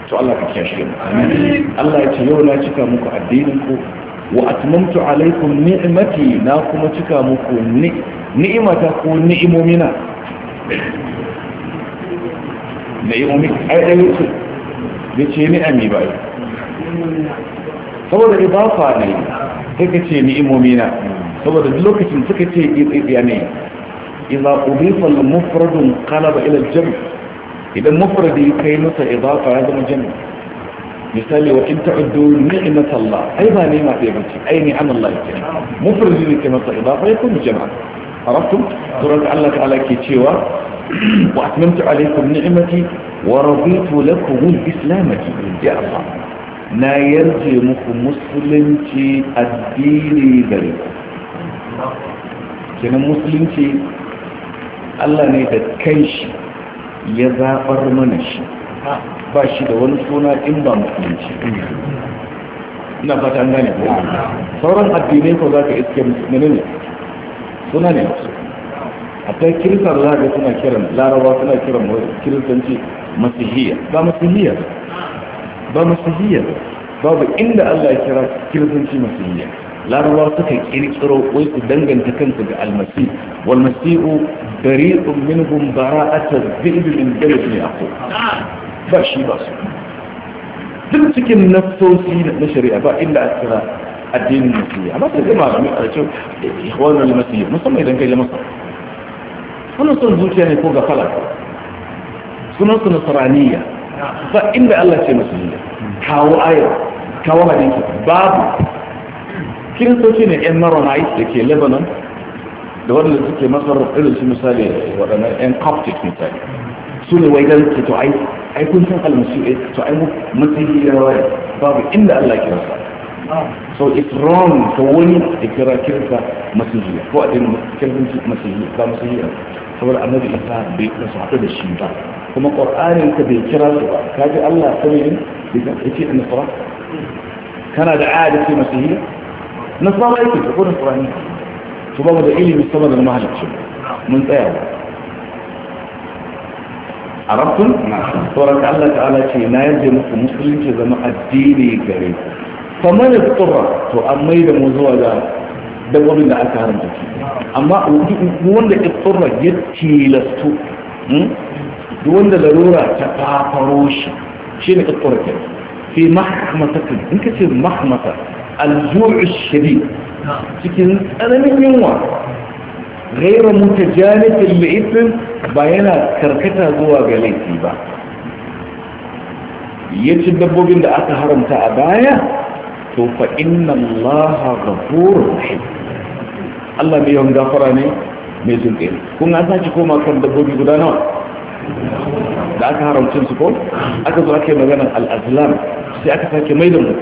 [SPEAKER 1] to Allah ka kiyaye Amin. Allah ya ce yau na cika muku addinin ku wa atmamtu alaikum ni'mati na kuma cika muku ni'imata ko ni'imomina ni'imomi ai ai yace ni'ami ba saboda idafa ne sai ka ce ni'imomi na saboda duk lokacin suka ce yani idza udifa al-mufradun qalaba ila jami jam idan mufradi kai masa idafa ya zama jam' misali wa in ta'uddu ni'mat Allah ai ba ne ma sai bace ai ni'am Allah ce mufradi ne kai masa idafa ya kuma jam' arabtum surat Allah ta'ala ke cewa wa atmamtu alaykum ni'mati wa raditu lakum al-islamati ya Allah na yarje muku musulunci addini gari. kenan musulunci Allah ne da kanshi ya zaɓar mana shi ba shi da wani suna in ba musulunci ina fata an gane ko sauran addinai ko za ka iske musulmi ne suna ne A kai za ka suna kiran larawa suna kiran kiristanci masihiyya ba masihiyya ba masihiyya babu inda Allah ya kira kiristanci masihiyya larabawa suka kirkiro wai su danganta kansu ga almasi wal masihu bari'un minhum bara'ata dhi'b min dalil yaqub ba shi ba su duk cikin nassosi na shari'a ba illa a kira addinin masihiyya amma sai jama'a a cikin ikhwanul masihiyya musamman idan kai jama'a wannan son zuciya ne ko ga gafala sunan su nasraniyya ba inda Allah ce yi kawo ayar kawo hadisi babu kiristoci ne yan maronite da ke lebanon da wadanda suke masar irin su misali waɗannan yan coptic misali su ne wai ganin to ai ai kun san almasu eh, to ai mu masihi ya waya babu inda Allah ke rasa so it's wrong to wani a kira kirka masihi ko a dinin kirkin masihi ba masihi saboda annabi isa bai kasu haɗu da shi ba kuma ƙwar'anin ka bai kira su ba ka ji Allah sami'in bisan ake da nasara kana da aya da ce masu hira nasara yake da ko nasara ne su ba mu da ilimin sama da mahalicci mun tsaya ba a rabtun tsoron Allah ta'ala ce na yadda muku musulunci zama addini gare ku kamar tsura to an mai da mu zuwa da dabbobin da aka haramta amma wanda ya tsura ya tilastu duk wanda larura ta fafaro shi shi ne kakkwar kai fi mahmatatin in ka ce mahmata aljuhu shari cikin tsananin yunwa gaira mutu janifin laifin ba yana karkata zuwa ga laifi ba ya ci dabbobin da aka haramta a baya to fa inna ga ghafurur rahim Allah mai yawan gafara ne mai jin kun an sake koma kan dabbobi guda nawa da aka haramcin su ko aka zo aka yi maganar al'azlam sai aka sake mai da mu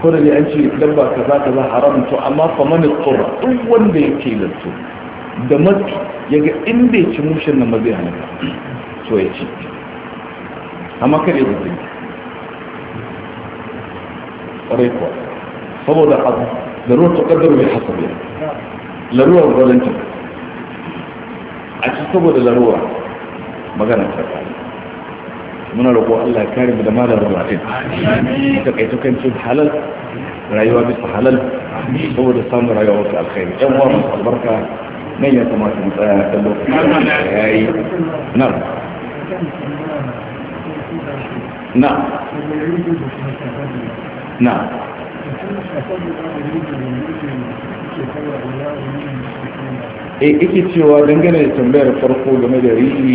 [SPEAKER 1] ko da ne an ce dabba ka za ka za haram amma fa mani tsura duk wanda ya ke lantu da mafi, ya ga inda ya ci mushin nan mazai halaka to ya ci amma kada ya zai ƙwarai kuwa saboda abu da ruwan taƙaddar mai hasabiya laruwar zalunci a ci saboda laruwa magana ta muna roƙo Allah ya kare mu da malar rubatin ta kai tukan cin halal rayuwa bisa halal saboda samun rayuwa wata alkhairi ɗan uwa masu albarka nan ya kamata mu tsaya kan lokacin da yayi na
[SPEAKER 4] na na
[SPEAKER 1] e eh, ike cewa dangane da tambayar farko game da rini